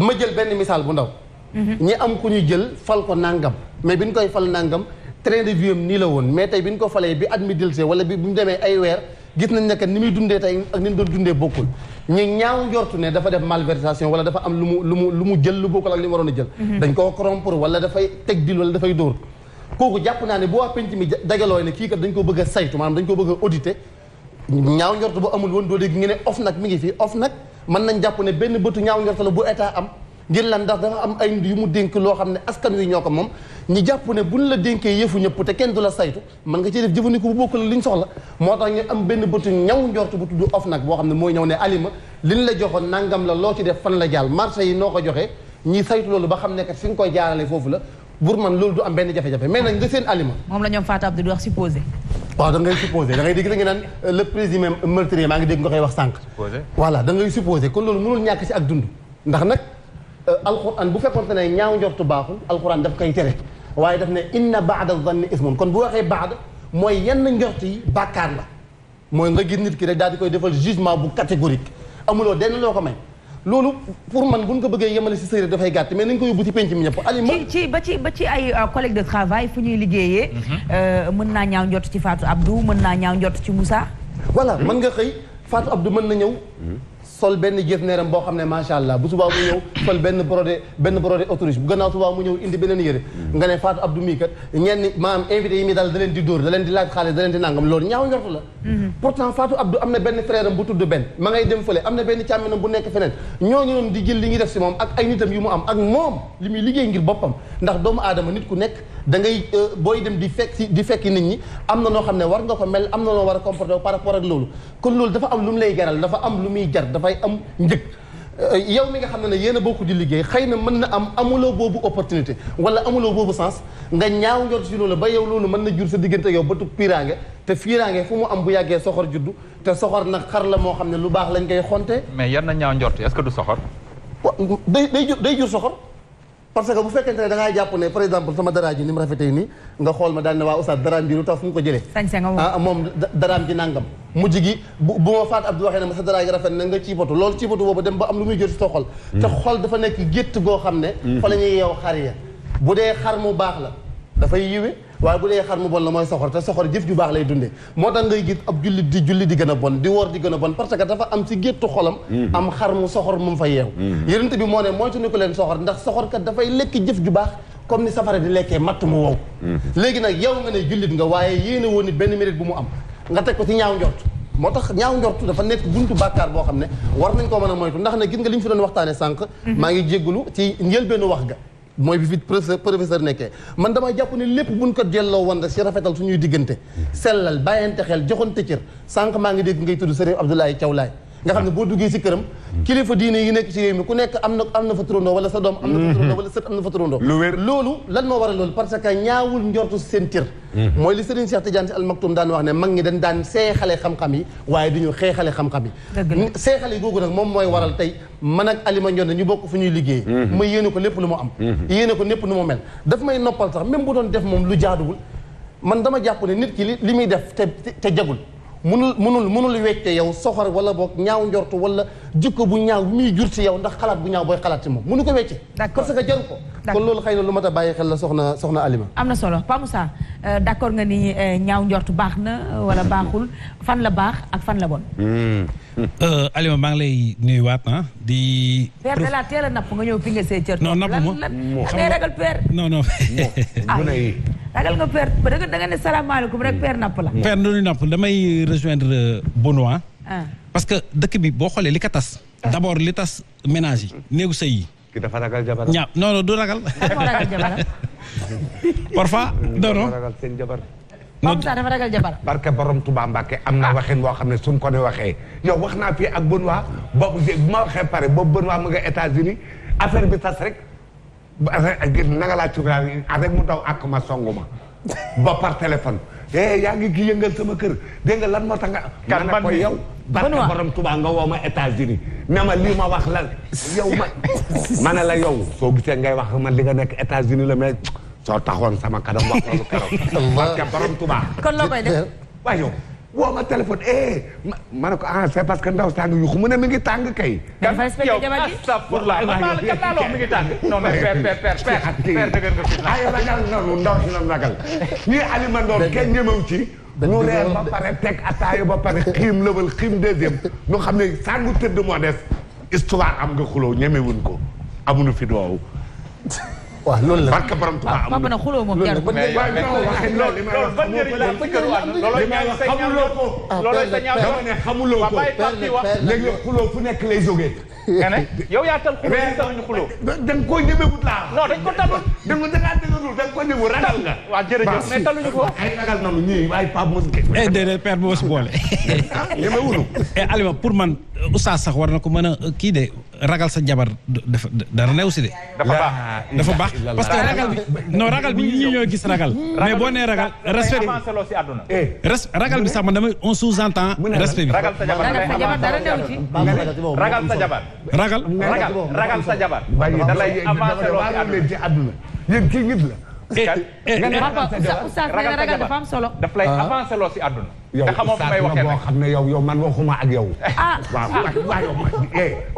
ma jël benn misaal bu ndaw. Mhm. ñi am ku ñu jël fal ko nangam mais bi ñu koy fal nangam train de vie am nii la woon mais tey bi ñu ko falee bi at mi dilsee wala bi bu mu demee ay weer gis nañ ne ni muy dundee tey ak ni mu doon dundee bokkul ñu ñaaw njortu ne dafa def malversation wala dafa am lu mu lu mu lu mu a jël. Mhm. dañ dafay teg dil wala dafay dóor. kooku jàpp naa ne bu waa penc mi dajaloo ne kii kat dañ ko bëgg a saytu maanaam dañ ko bëgg auditer ñaaw njortu bu amul woon doo dégg mën nañ jàpp ne benn bëtu ñaaw njort la bu état am ngir lan ndax dafa am ay yu mu dénk loo xam ne askan wi ñoo ko moom ñu jàpp ne bu buñ la dénkee yëfu ñëpp te kenn du la saytu mën nga ci def jëfandiku bu bokkul liñ soxla moo tax ñu am benn bëtu ñaw njort bu of OFNAC boo xam ne mooy ñëw ne alima liñ la joxoon nangam la loo ci def fan la jaal marché yi noo ko joxee ñi saytu loolu ba xam ne fi nga koy jaarale foofu la pour man loolu du am benn jafe-jafe mais nag nga seen alima moom la waaw da ngay supposé da dégg da nga naan euh, le présumé euh, meurtrier maa ngi dégg nga koy wax sànq. voilà da ngay supposé kon loolu mënul ñàkk ci ak dund. ndax nag euh, alxuraan bu fekkoonte ne ñaaw njortu baaxul alxuraan daf koy tere waaye daf ne inna baada zanni ismun kon bu waxee baada mooy yenn njort yi bàkkaar la mooy nga gis nit ki rek daal di koy defal jugement bu catégorique amuloo denn loo ko may. loolu pour man bu ñu ko bëggee yemale si séeréer dafay gàtt mais nañ ko yóbbu ci penc mi ñëpp alima ci ba ci ba ci ay euh, collègue de travail fu ñuy liggéeyee mhm. euh, mën naa ñaaw njott ci Fatou Abdou mën naa ñaaw njott ci Moussa voilà mën nga xëy Fatou Abdou mën na ñëw mhm. sol benn jëf neeram boo xam ne macha allah bu subaa mu ñëw sol benn brodé benn brodé autorise bu gannaaw subaa mu ñëw indi beneen yére hmm. nga ne Fatou Abdou mii kat ñenn maanaam invité dal da leen di dóor da leen di laaj xaalis da leen di nangam loolu ñaaw njortu la hmm. pourtant Fatou Abdou am na benn frère am bu tudd benn ma ngay dem fële am na benn càmminam bu nekk feneen ñooñu noonu di jël li ñuy def si moom ak ay nitam yu mu am ak moom li muy liggéey ngir boppam ndax doomu aadama nit ku nekk da ngay euh, booy dem di fekk si di fekki nit ñi am na noo xam ne war nga ko mel am na noo war a par rapport loolu kon loolu dafa am lu mu lay jaral dafa am lu muy jar dafay am njëg euh, yow mi nga xam ne ne yéen a bokk di liggéey xëy na mën na am amuloo boobu opportunité wala amuloo boobu sens nga ñaaw njort ci loolu ba yow loolu mën na jur sa diggante yow ba tug piiraange te fiiraange fu mu am bu yàggee soxor juddu te soxor na xar la moo xam ne lu baax lañ koy xonte mais yan na ñaaw njort est-ce que du soxor day day jur day jur soxor parce que bu fekkente ne da ngaa jàpp ne par exemple sama daraa ji ni mu rafetee nii nga xool ma daal ne waa oustaz daraam bi lu fu mu ko jëlee ah moom daraam ji nàngam mujj gi bu bu ma faat Abdou waxee ne ma sa daraa gi rafet na nga ciipatu loolu ciipatu boobu dem ba am lu muy jël si sa xol hmm. te xol dafa nekk gétt goo xam ne hmm. fa la ñuy yeew xar ya bu dee xar mu baax la dafay yiwe waaye bu dee xar mu bon la mooy soxor te soxor jëf ju baax lay dundee moo tax ngay gis ab julli di julli di gën a bon di woor di gën a bon parce que dafa am ci géttu xolam mm-hmm. am xar mu soxor mu fa yeew mm-hmm. yonent moo ne mooy tunu ko leen ndax soxor kat dafay lekk jëf ju baax comme ni safara di lekkee matt mu wow mm-hmm. léegi nag yow nga ne jullit nga waaye yéene woon nit benn mérite bu mu am nga teg ko ci ñaaw njort moo tax ñaaw njortu dafa nekk buntu bàkkaar boo xam ne war nañ koo mën a moytu ndax ne gis nga li fi doon waxtaane sànq maa ngi jéggulu ci njëlbeenu wax ga mooy bi fi professeur nekkee man dama jàpp ne lépp buñ ko jelloo woon si rafetal suñuy diggante sellal bàyyante xel joxante cër sànq maa ngi dégg ngay tudd Serigne Abdoulaye Thiaw Laye nga xam ne boo duggee si këram kilifa diine yi nekk ci réew mi ku nekk am na am na fa turandoo wala sa doom am na fa turandoo wala sët am na fa turandoo loolu lan moo waral loolu parce que ñaawul njortu seen tir hmm. mooy li Serigne Cheikh Tidiane si almaktum daan wax ne mag ñi dañ daan seexale xam-xam yi waaye du ñu xeexale xam-xam yi seexale yi googu nag moom mooy waral tey man ak Alima Ndione ñu bokk fu ñuy liggéey ma hmm. yéene ko lépp lu ma am hmm. yéene ko lépp lu ma mel daf may noppal sax même bu doon def moom lu jaaduwul man dama jàpp ne nit ki li muy def te te jagul munul munul munul wecce yow soxor wala boog ñaaw njortu wala jikko bu ñaaw muy jur si yow ndax xalaat bu ñaaw booy xalaat ci moom munu ko wecce parce que jaru ko kon loolu xëy lu mat a bàyyi xel la soxna soxna Alima am na solo Pa Moussa euh, d'accord nga ni euh, ñaaw njortu baax na wala baaxul fan la baax ak fan la bon hmm. euh, Alima maa ngi lay nuyuwaat ah, di. père de la teel a nga ñëw fi nga see cër. non napp ma lan lan ragal père. non non. ragal nga père da nga ne salaamaaleykum rek père napp la. père nu napp damay rejoindre euh, Benoît. Ah. parce que dëkk bi boo xoolee li ka tas. Ah. d' abord li tas ménage yi néegu sëy yi. ki dafa ragal jabar. ñaaw non non du ragal. dafa ragal jabar. parfois non non. ragal seen jabar. moom sax dafa ragal jabar. barke borom Touba Mbacke am na waxin boo xam ne suñ ko ne waxee yow wax naa fii ak Benoît boobu bu ma waxee pare boobu Benoît mu nga États-Unis affaire bi tas rek. Eh, nanga laa cukalaa avec mu daw ak ma songu ma ba par téléphone eh yaa ngi kii yëngal sama kër dégg nga lan moo tax nga kan man ko yow barke borom Tuubaa nga woo ma États-Unis ne ma lii ma wax la yow ma ma ne la yow soo gisee ngay wax man li nga nekk États-Unis la mais soo taxoon sama kanam wax loolu keroog barke borom Tuubaa kon loo koy def waaye woo ma téléphone eh ma ne ko ah c'est parce que ndaw tàng yu xum ne mi ngi tàng kay. dafay yow astafurlah oh, mi ngi tàng. non mais per per per per dëgg nga ay ragal noonu ndaw si noonu ragal. ñuy alimandoor kenn ñemewu ci. ñu reer ba pare teg ataayu ba pare xiim lëbal xiim deuxième ñu xam ne sàngu tëdd moo des histoire am nga xuloo ñemewuñ ko amuñu fi doowu. waaw loolu la barke borom Tuubaa amul papa na xuloo moom jarul ko mais yow loolu ban njëriñ la ci kër waat loolooy sa ñaar loolooy sa ñaar dama ne xamuloo ko léegi xuloo fu nekk lay jógee nga ne yow yaa tal xuloo ñu taluñu xuloo da nga koo ñemewut laa non dañ ko talul da nga da ngaa dëgërul da nga ko ñemewut ragal nga waaw jërëjëf mais taluñu ko ay ragal nanu ñii ay Pape mos ge eh, déedéet père bu mos boole ah, ñemewuñu eh, Alima pour man oustaz sax war na ko mën a euh, kii de ragal sa jabar dafa dara new si de dafa baax dafa baax parce que ragal bi non ragal bi ñu ñoo gis ragal mais boo nee ragal respect bi àdduna eh. ragal bi sax man damay on sous-entend respect bi ragal sa jabar dara new ci ragal sa jabar ragal ragal ragal sa jabar. da lay avancer loo ci àdduna yéen kii nit la. Eh, eh, eh, ragal dafa am solo. daf lay ah. avancer loo si àdduna. yow ustaas la boo xam ne yow yow man waxuma ak yow. ah waaw waaw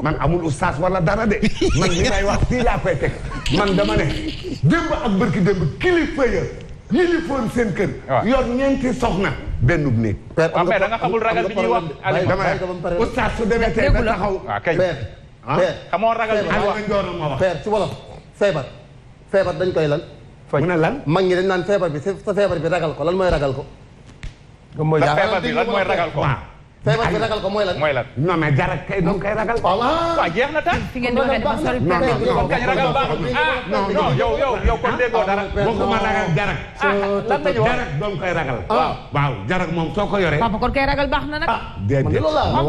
man amul ustaas wala dara de man li may wax fii laa koy teg man dama ne démb ak barki démb kilifa ya yilifoon seen kër. yor ñeenti soxna. benn néeg. père ah, a nga xamul ragal bi ñuy wax. oustaz su demee tey a taxaw. waaw ah, kay ah. père. xamoo ragal bi ñuy wax père ci wolof feebar. feebar dañ koy lan. faj mu ne lan ma ngi dañ naan feebar bi sa feebar bi ragal ko lan mooy ragal ko. lan mooy ragal ko feebar bi ko mooy lan mooy lan non mais jarak kay doon kay ragal. voilà non ragal baaxul ah non kay ragal waaw jarak moom soo ko yoree papa kon kay ragal baax na nag déedéet moom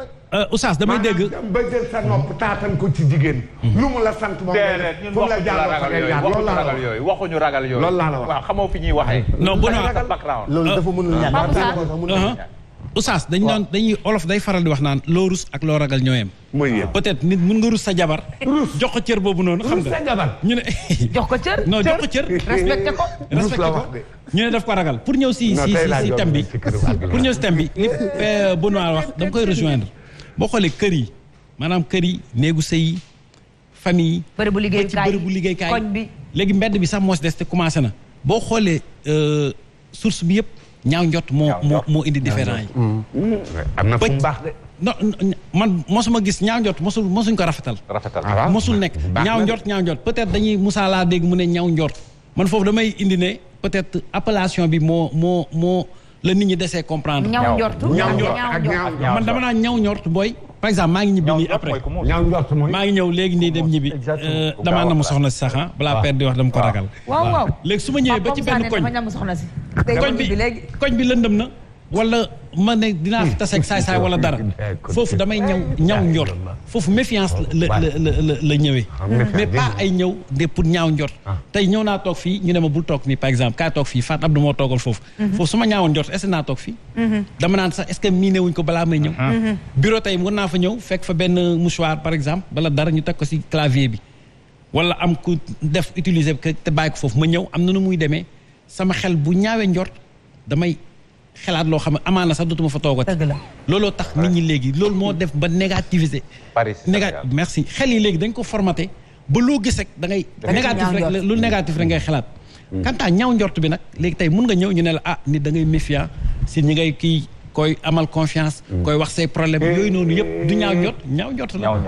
sa Euh, Oustaz damay dégg. ba jël sa nopp taatan ko ci jigéen. lu mu la sant moom la ragal yooyu waxuñu ragal yooyu. loolu laa la wax waaw xamoo fi ñuy waxee. non bu loolu dafa mënul uh-huh. ñàkk Oustaz dañu naan dañuy olof day faral di wax naan loo rus ak loo ragal ñooyam peut-être nit mun nga rus sa jabar. jox ko cër boobu noonu. xam nga ñu ne. jox ko cër non jox ko cër. respecté ko respecté ko ñu ne daf ko ragal pour ñëw si si si thème bi pour ñëw si thème bi li euh, Benoît wax dama koy rejoindre. boo xoolee kër yi maanaam kër yi néegu sëy famille yi. bërëbu liggéeyukaay bërëbu liggéeyukaay koñ bi. léegi mbedd bi sax moo si des te commencé na boo xoolee euh, source bi yëpp ñaaw njot moo moo moo indi différent yi. Mm-hmm. na fu mu baax de. non man mosuma gis ñaaw njot mosul mosuñ ko rafetal. rafetal ah mosul nekk ñaaw njot ñaaw njot peut-être dañuy Moussa laa dégg mu ne ñaaw njort man foofu damay indi ne peut-être appellation bi moo moo moo. la nit ñi desee comprendre. man dama naa ñaaw njort booy. par exemple maa ngi ñibbi nii après maa ngi ñëw léegi nii dem ñibbi euh, damaa na soxna si sax ah, balaa père di wax dama ko ragal. léegi su ma ñëwee ba ci benn koñ. koñ bi lëndëm na wala ma ne dinaa fi taseeg saay-saay wala dara eh, eh, foofu damay ñëw ñaw eh, njort foofu méfiance la la la ñëwee mais pas ay ñëw de pour ñaaw njort ah. tey ñëw naa toog fii ñu ne ma bul toog nii par exemple kaa toog fii Fatou Abdou moo toogal foofu mhm. foofu su ma ñaawoon njort est-ce que naa toog fii mhm. dama naan sax est-ce que miine wuñ ko balaa may ñëw mhm. bureau tey war naa fa ñëw fekk fa benn mouchoir par exemple bala dara ñu teg ko si clavier bi wala am ku def utiliser te bàyyi ko foofu ma ñëw am na nu muy demee sama xel bu ñaawee njort damay xalaat loo xam ne amaan na sax dootuma fa toogati. dëgg la looloo tax nit ñi léegi loolu moo def ba négativiser. Paris négatif merci xel yi léegi dañ ko formaté ba loo gis rek da ngay. négatif rek lu négatif rek ngay xalaat. kanta hmm. ñaw njort bi nag léegi tey mun nga ñëw ñu ne la ah nit da ngay méfiant si ñi ngay kii koy amal confiance. Hmm. koy wax say problème noonu yëpp du ñaaw njort ñaaw njort la. ñaaw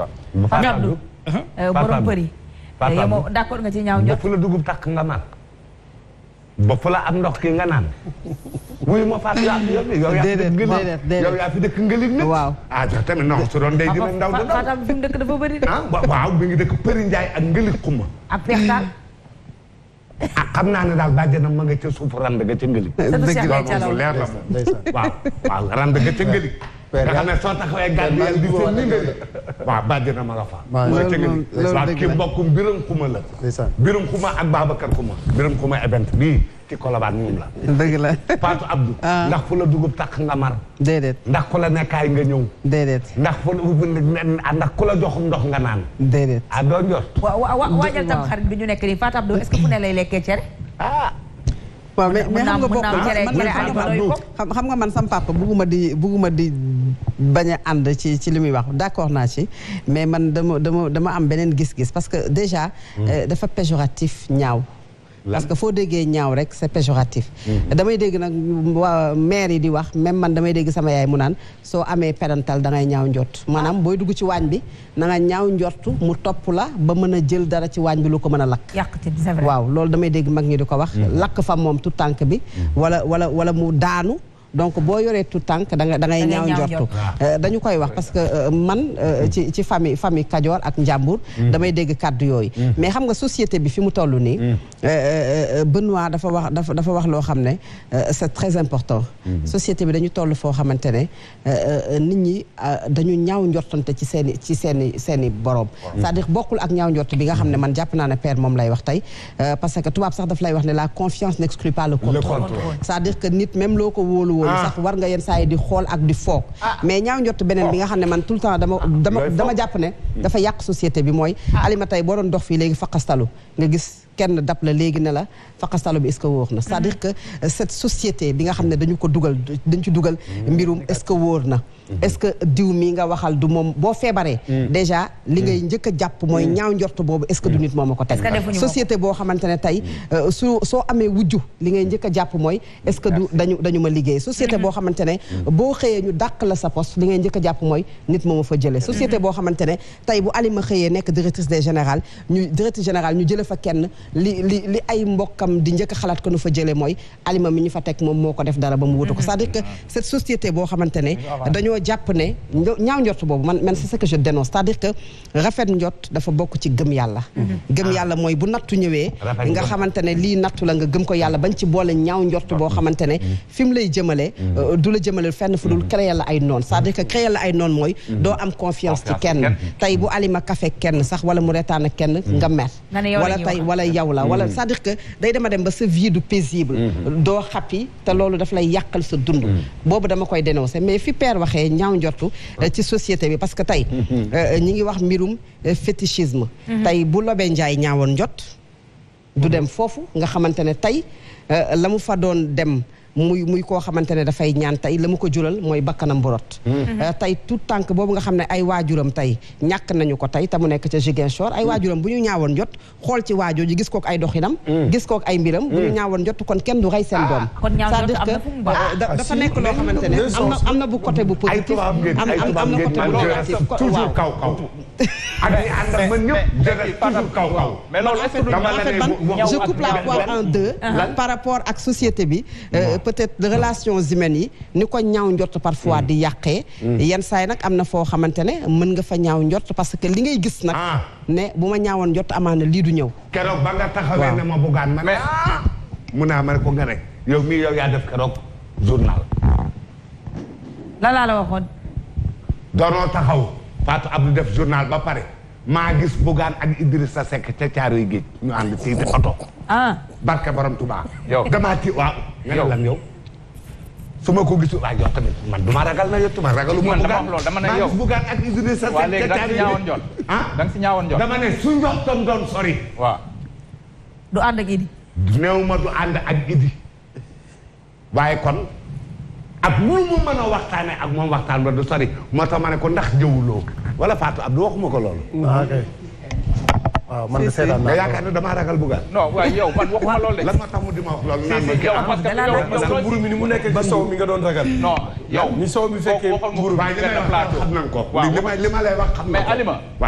njort ah, uh-huh. eh, borom përi. yow moom d'accord nga ci ñaaw la dugub takk nga naan bopp la am ndox ki nga naan. wuyu ma fàttali ak yow mi yow yaa fi dëkk ngëli yow yaa fi dëkk ngëli nag waaw ah tamit non su doon day gën ndaw da ndaw Fatam fi mu dëkk dafa bëri ah waaw mi ngi dëkk Përi Njaay ak ngëli xuma ak pextaan ah xam naa ne daal bàjjenam ma nga ca suuf rand ga ca loolu leer la moom waaw waaw rand ga nga eh, xam e e ah. ne soo taxawee gardien bi seen ni nga di waaw bàddina ma nga fa mooy tëgg waaw ki mbokkum biram kuma la biram kuma ak Babacar kuma biram kuma event bii ci Colobane moom la dëgg la Fatou Abdou ndax fu la dugub takk nga mar déedéet ndax ku la nekkaay nga ñëw déedéet ndax fu ndax ku la joxum ndox nga naan déedéet ah doo njot waajal tam xarit bi ñu nekk nii Fatou Abdou est-ce que fu ne lay lekkee cere ah waaw mais mais xam nga bokk xam xam nga man sam papa bugguma di bugguma di bañ a ànd ci ci li muy wax d'accord naa ci mais man dama dama dama am beneen gis-gis parce que déjà hmm. euh, dafa péjoratif ñaaw parce que foo déggee ñaaw rek sa péjoratif mhm. damay dégg nag waa maire yi di wax même man damay dégg sama yaay mu naan soo amee parental da ñaaw njort maanaam booy dugg ci waañ bi na ñaaw njortu mu topp la ba mën a jël dara ci waañ bi lu ko mën a lakk waaw loolu damay dégg mag ñi di ko wax mhm. lakk fa moom tu tànk bi mhm. wala wala wala mu daanu donc boo yoree tout tànk da nga da ngay ñaaw njortu euh, dañu koy wax parce que euh, man euh, ci ci famille famille Kajoor ak Njàmbur mm. damay dégg kàddu yooyu mm. mais xam nga société bi fi mu toll nii mm. Benoît dafa wax dafa dafa wax loo xam ne c'est très important société bi dañu toll foo xamante ne nit ñi dañu ñaaw njortante ci seen ci seen i seen i borom c'est-à-dire bokkul ak ñaaw njort bi nga xam ne man jàpp naa ne père moom lay wax tey parce que tubaab sax daf lay wax ne la confiance n'exclut pas le contrôle cest loolu ah. sax war nga yenn saa yi di xool ak di foog ah. mais ñaaw njott beneen bi nga xam ne man tout le temps dama dama dama jàpp ne dafa yàq société bi mooy ah. alimatay boo doon dox fi léegi faqastalu nga gis kenn dab la léegi ne la faqastalo bi est na mhm. cest à que euh, cette société bi nga xam ne dañu ko dugal dañ ci dugal mhm. mbirum est-ce que wóor na mhm. est-ce que diw mii nga waxal du moom boo feebaree déjà li ngay njëkk a jàpp mooy ñaaw njort boobu est-ce que du nit moom a ko teg société boo xamante ne tey euh, su soo amee wujju li ngay njëkk jàpp mooy est-ce que du dañu dañu ma liggéey société boo xamante ne boo xëyee ñu dàq la sa poste li ngay njëkk jàpp mooy nit moom a fa jëlee société boo xamante ne tey bu alima xëyee nekk directrice des générales ñu directrice général ñu jële fa kenn li li li ay mbokkam di njëkk xalaat ko nu fa jëlee mooy alima mi ñu fa teg moom moo ko def dara ba mu wutu ko mhm. c'est-à-dire que ah. cette société boo xamante ne dañoo jàpp ne ñaaw njort boobu man man c'est ce que que rafet njort dafa bokk ci gëm yàlla mhm. gëm ah. yàlla mooy bu nattu ñëwee nga xamante ne lii nattu la nga gëm ko yàlla bañ ci boole ñaaw njort boo xamante ne mhm. fi mu lay jëmale euh, du la jëmale fenn fu dul créer la ay noon sa à dire que créer la ay noon mooy doo am confiance ci kenn tey bu alima café kenn sax wala mu retaan ak kenn nga mer wala tey wala yow la wala mm. c'est-à-dire que day dama dem ba sa vie du paisible mm-hmm. doo xappi te loolu daf lay yàqal sa dund mm. boobu dama koy dénoncer mais fi père waxee ñaaw njortu euh, ah. ci société bi parce que tey mm-hmm. euh, euh, ñi ngi wax mbirum fétichisme mm-hmm. tey bu lobee njaay ñaawoon njot du dem foofu nga xamante tey la mu fa doon dem muy muy koo xamante ne dafay ñaan tey la mu ko jural mooy bakkanam bu mm-hmm. euh, tey tout tànk boobu nga xam ne ay waajuram tey ñàkk nañu ko tey te mu nekk ca Ziguinchor ay mm-hmm. waajuram bu ñu ñaawoon jot xool ci waajoo ji gis kook ay doxinam mm-hmm. gis kook ay mbiram bu ñu ñaawoon jot kon kenn du rey seen ah, doom c'est-à-dire que euh, ah, dafa nekk loo xamante ne am na bu côté bu positif am na côté bu négatif toujours kaw kaw ak ñi uh-huh. par rapport ak société bi euh, peut-être relations humaines yi ni ko ñaaw njort parfois di yàqee hmm. yenn saay nag am na foo xamante ne mën nga fa ñaaw njort parce que li ngay gis nag ah. ne bu ma ñaawoon njort amaana lii du ñëw keroog ba nga taxawee ne ma bugaan ma ne ah mun naa ah, ma ne ko nga rek yow mii yow yaa def keroog journal la laa taxaw Fatou Abdou def journal ba pare maa gis bugaan ak Idrissa Seck ca caaroy géej ñu ànd ci oto ah barke borom Touba. yow damaa ci waaw. yow lan yow. su ma ko gisul waaye yow tamit man du ma ragal na yow tu ragalu ma bugaan dama ne yow bugaan ak Idrissa Seck. léegi da nga si jot. da nga ne su njottam doon sori. waaw. du ànd ak Idi. néew ma du ànd ak Idi. waaye kon ak lu mu mën a waxtaane ak moom waxtaan ba du sori moo tax ne ko ndax jëwuloo wala Fatou Abdou waxuma ko loolu. Ah, waaw man de seetaan naa yaakaar ne damaa ragal bugaan. non waaye yow man waxuma loolu de. ma tax mu di wax loolu. naan ma kii parce que mburu mi ni mu nekkee ci sow mi nga doon ragal. non yow ni sow mi fekkee mburu mi nga def plateau. waaw li ma li ma lay wax xam na ko mais Alima.